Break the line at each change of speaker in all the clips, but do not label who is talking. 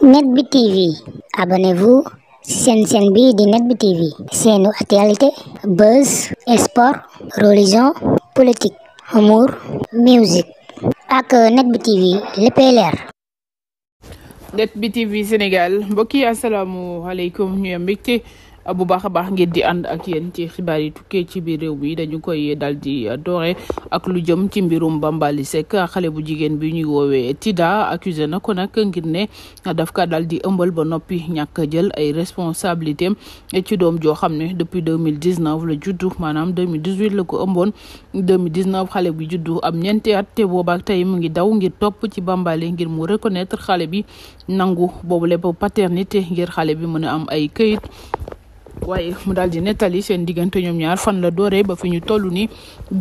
net bi tv abonnez-vous seen seen bi di net bi tv seenu actualité buzz sport religion politique humour musique ak euh, net bi tv léppay leer net bi tv sénégal mbokk yi asalaamu aleykum ñu am bu baax a baax ngeen di ànd ak yen ci xibaar yi tukkee ci biir réew mi dañu koy dal di doore ak lu jëm ci mbirum Bambaly Seck xale bu jigéen bi ñuy woowee Tida accusé na ko nag ngir ne daf ka dal di ëmbal ba noppi ñàkk jël ay responsabilité ci doom joo xam ne depuis mille 2019 la juddu maanaam 2018 la ko ëmboon 2019 xale bu juddu am ñeenti at te boobaak tey mu ngi daw ngir topp ci Bambaly ngir mu reconnaître xale bi nangu boobu lépp paternité ngir xale bi mën a am ay këyit waaye mu daal di nettali seen diggante ñoom ñaar fan la dooree ba fi ñu toll ni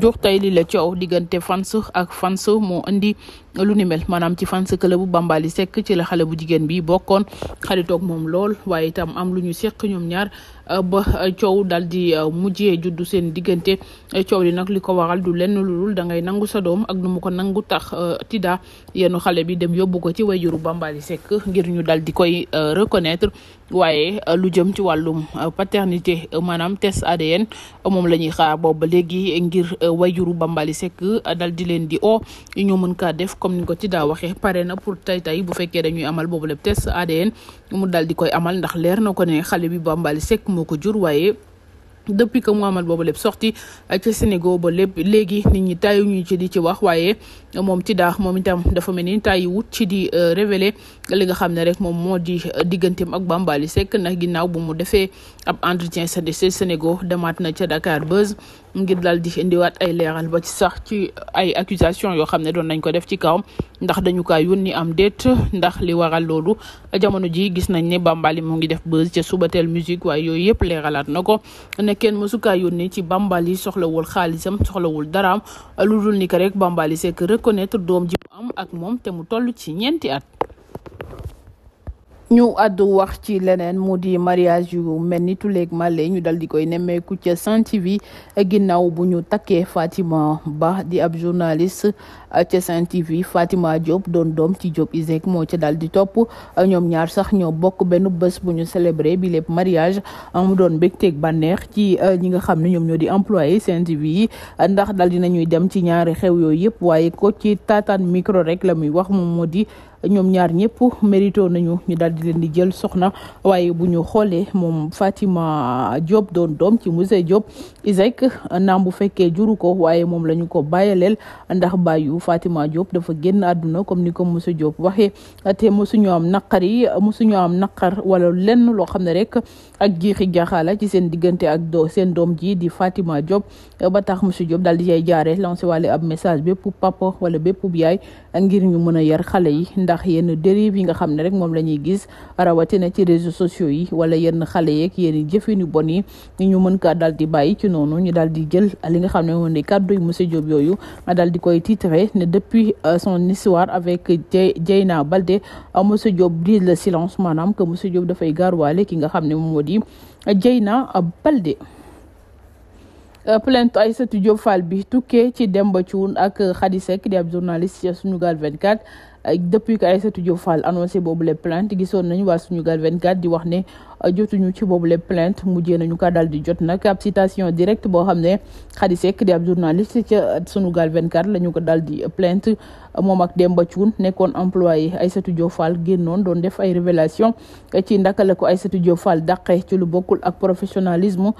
jur tey li la coow diggante fans ak fans moo indi lu ni mel maanaam ci fans club bu Bambaly Seck ci la xale bu jigéen bi bokkoon xaritoog moom lool waaye itam am lu ñu seq ñoom ñaar Euh, ba euh, coow dal di euh, mujjee juddu seen diggante coow li nag li ko waxal du lenn lu dul da ngay nangu sa doom ak nu mu ko nangu tax tida yenn xale bi dem yóbbu ko ci wayjuru Bambaly Seck ngir ñu dal di koy reconnaître waaye lu jëm ci wàllum paternité maanaam test ADN moom la ñuy xaar ba léegi ngir wayjuru Bambaly Seck dal di leen di o i ñu mën kaa def comme ni ko ci daa waxee pare na pour tay tay bu fekkee dañuy amal boobu lépp test ADN mu dal di koy amal ndax leer na ko ne xale bi Bambaly Seck moo ko jur waaye depuis que mu amal boobu lépp sorti euh, ci Sénégal ba lépp léegi nit ñi taayu ci di ci wax waaye moom Tida moom itam dafa mel ni taayu wut ci di euh, révéler li nga xam ne rek moom moo di euh, digganteem ak Bambaly sekk na ginnaaw bu mu defee ab entretien sa Sénégal demaat na ca Dakar Buzz. ngir daal di ndiwaat ay leeral ba ci sax ci ay accusation yoo xam ne doon nañ ko def ci kawam ndax dañu kaa yónni am déet ndax li waral loolu jamono ji gis nañ ne Bambali mu ngi def buzz ca Subatel musique waaye yooyu yëpp leeralaat na ko ne kenn mësukaa yónni ci Bambali soxlawul xaalisam soxlawul daraam lu dul ni ko rek Bambali c'est que reconnaître doom ji mu am ak moom te mu toll ci ñeenti at ñu àddu wax ci leneen mu di mariage yu mel ni tuleeg male ñu dal di koy nemmeeku ca Sen TV ginnaaw bu ñu takkee Fatima Ba di ab journaliste euh, ca Sen TV Fatima Diop doon doom ci Diop Iseg moo ca dal di topp euh, ñoom ñaar sax ñoo bokk benn bës bu ñu célébré bi lépp mariage euh, mu doon mbégteeg bànneex ci ñi nga xam ne ñoom ñoo di employé Sen TV yi ndax dal dinañuy dem ci ñaari xew yooyu yëpp waaye ko ci taataan micro rek la muy wax moom moo di ñoom ñaar ñëpp mérito nañu ñu daal di leen di jël soxna waaye bu ñu xoolee moom Fatima Diop doon doom ci Mousset Diop Isaac naam bu fekkee juru ko waaye moom la ñu ko bàyyaleel ndax bàyyu Fatima Diop dafa génn àdduna comme ni ko Mousset Diop waxee te mosuñu am naqar yi mosuñu am naqar wala lenn loo xam ne rek ak jiixi jaaxaala ci seen diggante ak do seen doom ji di Fatima Diop ba tax Mousset Diop daal di cay jaare lancé wàlle am message bépp papa wala bépp yaay ngir ñu mën a yar xale yi ndax yenn dérive yi nga xam ne rek moom la ñuy gis rawatina ci réseaux sociaux yi wala yenn xale yeeg yenn jëfinu bon yi ñu mën kaa daal di bàyyi ci noonu ñu daal di jël li nga xam ne moom di kàddu yi monsieur Diop yooyu daal di koy titré ne depuis euh, son histoire avec balde a mose Diop brise la silence maanaam que monsieur Diop dafay gaarwaale ki nga xam ne moom moo di a Baldé Euh, plainte Aïssatou Diop Fall bi tukkee ci Demba Thioune ak Khady Seck di ab journaliste ci Sunugal 24 euh, depuis que Aïssatou Diop Fall annoncé boobu les plainte gisoon nañu waa Sunugal 24 di wax ne jotuñu ci boobu lépp plainte mujjee nañu ka daal di jot na ab citation directe boo xam ne Khady Seck di ab journaliste ca Sunugal 24 la ñu ko daal di plainte moom ak Demba Thioune nekkoon employé Aïssatou Diop Fall génnoon doon def ay révélation ci ndaka la ko Aïssatou Diop Fall dàqee ci lu bokkul ak professionnalisme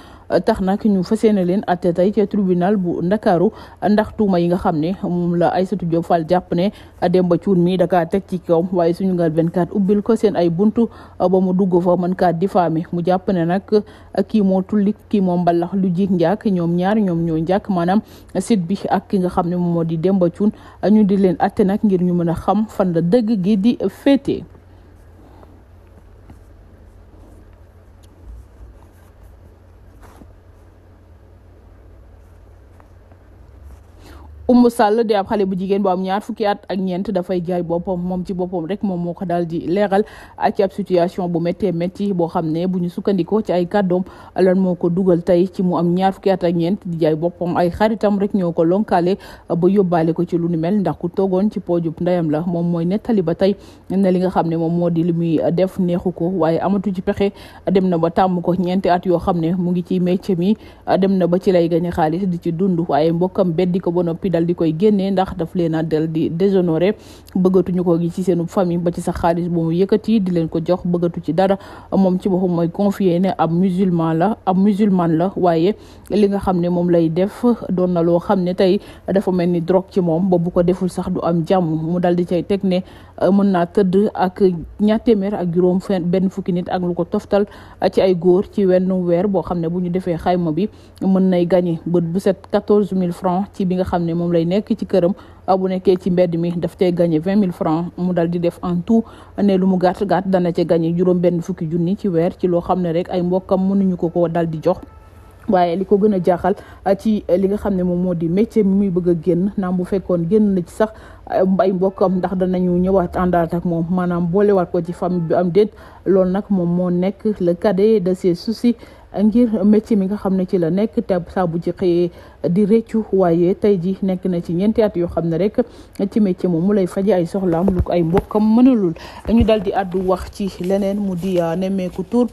tax nag ñu fas yéene leen atte tey ca tribunal bu Ndakaaru ndax tuuma yi nga xam ne moom la Aïssatou Diop Fall jàpp ne Demba Thioune mi dakaa teg ci kaw waaye Sunugal 24 ubbil ko seen ay buntu ba kilifa mi mu jàpp ne nag kii moo tullik kii moo mbalax lu jik njàkk ñoom ñaar ñoom ñoo njàkk maanaam site bi ak ki nga xam ne moom moo di Demba Thioune ñu di leen atte nag ngir ñu mën a xam fan la dëgg gi di féete Oumou Sall di ab xale bu jigéen bu am dafay jaay boppam moom ci boppam rek moom moo ko daal di leeral ci ab situation bu méttee métti boo xam ne bu ñu sukkandikoo ci ay kàddoom lan moo ko dugal tey ci mu am ñaar fukki at ak ñeent di jaay boppam ay xaritam rek ñoo ko lonkaale ba yóbbaale ko ci lu ni mel ndax ku toogoon ci poojub ndeyam la moom mooy nettali ba tey ne li nga xam ne moom moo di li muy def neexu ko waaye amatu ci pexe dem na ba tàmm ko ñeenti at yoo xam ne mu ngi ci métier mi dem na ba ci lay gañ xaalis di ci dund waaye mbokkam beddi ko ba noppi dal di koy génnee ndax daf leen a dal di déshonoré bëggatuñu ko gi ci seenu famille ba ci sax xaalis bu mu yëkkati di leen ko jox bëggatu ci dara moom ci boppam mooy confié ne ab musulman la ab musulman la waaye li nga xam ne moom lay def doon na loo xam ne tey dafa mel ni drogue ci moom ba bu ko deful sax du am jàmm mu dal di cay teg ne euh, mën naa tëdd ak ñaar téeméer ak juróom fen benn fukki nit ak lu ko toftal ci ay góor ci wenn weer boo xam ne bu ñu defee xayma bi mën nay gagné bu set quatorze mille francs ci bi nga xam ne moom moom lay nekk ci këram ah, bu nekkee ci mbedd mi daf cay gagné vingt mille francs mu dal di def en tout ne lu mu gàtt gaat dana ca gagné juróom benn fukki junni ci weer ci loo xam ne rek ay mbokkam mënuñu ko ko dal di jox. waaye li ko gën a jaaxal ah, ci li nga xam ne moom moo di métier mi muy bëgg a génn naam bu fekkoon génn na ci sax ah, ay mbokkam ndax danañu ñëwaat àndaat ak moom maanaam boolewaat ko ci famille bi am déet loolu nag moom moo nekk le cadet de ses soucis ngir métier mi nga xam ne ci la nekk te saa bu ci xëyee di réccu waaye tey ji nekk na ci ñeenti at yoo xam ne rek ci métier moom mu lay faje ay soxlaam lu ko ay mbokkam a ñu dal di àddu wax ci leneen mu di ah, nemmeeku tur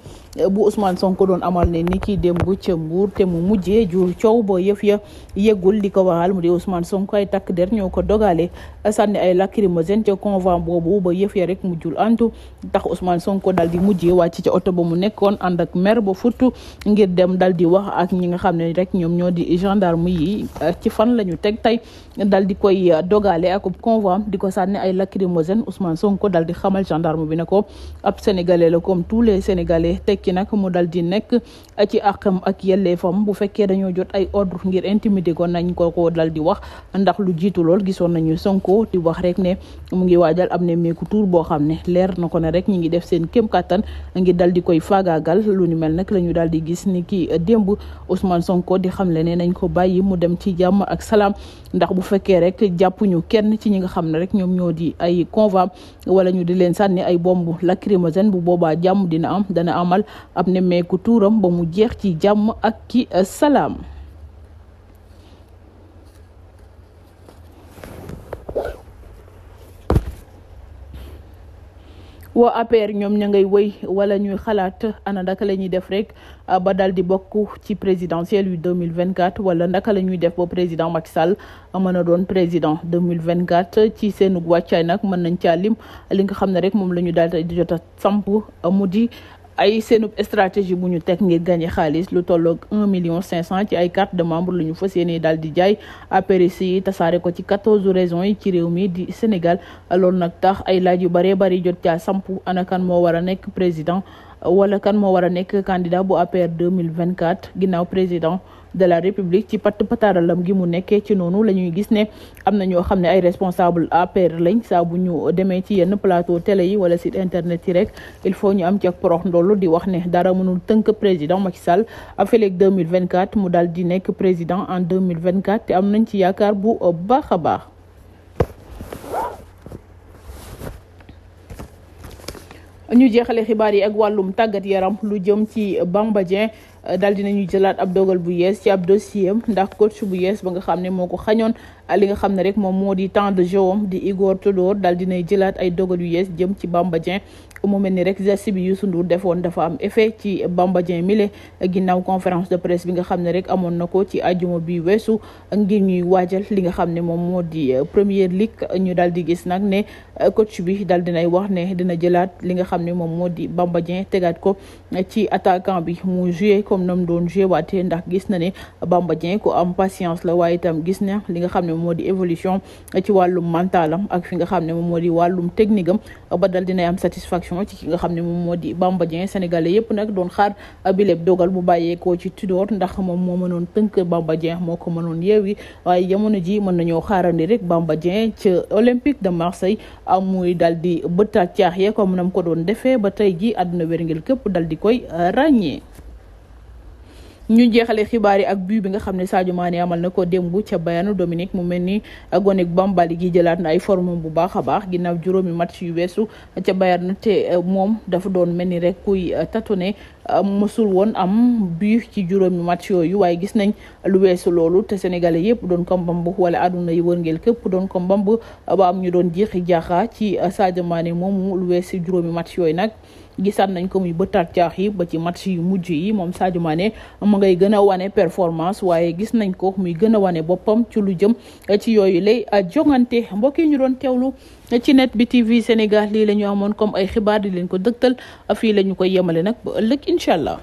bu Ousmane Sonko doon amal ne ni ki démb ca Mbuur te mu mujje jur coow bo yëf ya yeggul li ko waral mu di Ousmane Sonko ay takk der ñoo ko dogale sànni ay lacrymogène ca convent boobu ba yëf ya rek mujjul antu tax Ousmane Sonko dal di mujjee ci ca oto ba mu nekkoon ànd ak mer ba futt ngir dem dal di wax ak ñi nga xam ne rek ñoom ñoo di gendarme arme yi euh, ci fan la ñu teg tey dal di koy euh, dogale ak convoi am di ko sànni ay lacrymogène Ousmane Sonko dal di xamal gendarme bi ne ko ab sénégalais la comme tous les di nekk euh, ci àqam ak yelleefam bu fekkee dañoo jot ay ordre ngir intimider ko nañ ko ko dal di wax ndax lu jiitu lool gisoon nañu Sonko di wax rek ne mu ngi waajal am ne meeku tuur boo xam ne leer na ko ne rek ñi ngi def seen kéem kattan ngir dal di koy faagaagal lu ni mel nag dal di gis ni ki démb Ousmane Sonko di xamle ne nañ ko bàyyi bàyyi mu dem ci jàmm ak salaam ndax bu fekkee rek jàppuñu kenn ci ñi nga xam ne rek ñoom ñoo di ay convoi wala ñu di leen sànni ay bomb lacrymogène bu boobaa jàmm dina am dana amal am nemmeeku tuuram ba mu jeex ci jàmm ak ki salaam waa APR ñoom ña ngay wëy wala ñuy xalaat ana na la ñuy def rek ah, ba dal di bokk ci présidentielle yu 2024 wala naka la ñuy def ba président Macky Sall mën a doon président 2024 ci seen wàccaay nag mën nañ caa lim li nga xam ne rek moom la dal daal di jot a samp ah, ay seenub stratégie bu ñu teg ngir gagné xaalis lu tolloog un million cinq cent ci ay carte de membre lu ñu fas yéene daal di jaay apérici yi tasaare ko ci quatorze régions yi ci réew mi di Sénégal loolu nag tax ay laaj yu baree bari jot caa samp kan moo war a nekk président wala kan moo war a nekk candidat bu APR deux mille vingt quatre ginnaaw président de la république ci patt pataralam gi mu nekkee ci noonu la ñuy gis ne am na ñoo xam ne ay responsable APR lañ saa bu ñu demee ci yenn plateau télé yi wala site internet yi rek il faut ñu am ci ak porox ndollu di wax ne dara mënul tënk président Macky Sall afeleeg 2024 mu daal di nekk président en 2024 te am nañ ci yaakaar bu baax a baax ñu jeexale xibaar yi ak wàllum tàggat yaram lu jëm ci Bamba daal dinañuy jëlaat ab dogal bu yees ci ab dossier am ndax coach bu yees ba nga xam ne moo ko xañoon li nga xam ne rek moom moo di temps de jeu am di Igor Tudor daal dinay jëlaat ay dogal yu yees jëm ci Bamba Dieng mu mel ni rek geste bi Youssou defoon dafa am effet ci Bamba Dieng mile ginnaaw conférence de bi nga xam ne rek amoon na ko ci ajuma bi weesu ngir ñuy waajal li nga xam ne moom moo di euh, première ligue ñu daal di gis nag ne euh, coach bi daal dinay wax ne dina jëlaat li nga xam ne moom moo di Bamba Dieng tegaat ko euh, ci attaquant bi mu joué comme nam doon joué waate ndax gis na ne Bamba Dieng ku am patience la waaye itam gis na li nga xam ne moom moo di évolution ci wàllum mentalam ak fi nga xam ne moom moo di wàllum technique am ba dal dinay am satisfaction ci ki nga xam ne moom moo di Bamba Dieng sénégalais yëpp nag doon xaar bileb dogal bu bàyyeekoo ci Tudor ndax moom moo mënoon tënk Bamba Dieng moo ko mënoon yeewi waaye jamono ji mën na nañoo xaarandi rek Bamba Dieng ci Olympique de am muy dal di bëttaat caax yee comme nam ko doon defee ba tey ji àdduna wérngel képp dal di koy ràññee ñu jeexale xibaar yi ak but bi nga xam ne Sadio Mané amal na ko démb ca Bayern Dominique mu mel ni gone Bambali gi jëlaat na ay forme bu baax a baax gi nag juróomi match yu weesu ca Bayern te euh, moom dafa doon mel ni rek kuy euh, tatone euh, mësul woon am but ci juróomi match yooyu waaye gis nañ lu weesu loolu te sénégalais yëpp doon ko mbamb wala àdduna yi wërngeel képp doon ko mbamb ba am ñu doon jeexi jaaxa ci Sadio Mané moomu lu weesu juróomi match yooyu nag. gisaat nañ ko muy bëtaat caax yi ba ci match yu mujj yi moom Sadio Mané mu ngay gën a wane performance waaye gis nañ ko muy gën a wane boppam ci lu jëm ci yooyu lay jongante mbokk yi ñu doon teewlu ci net bi TV Sénégal lii la ñu amoon comme ay xibaar di leen ko dëgtal fii la ñu koy yemale nag ba ëllëg incha allah.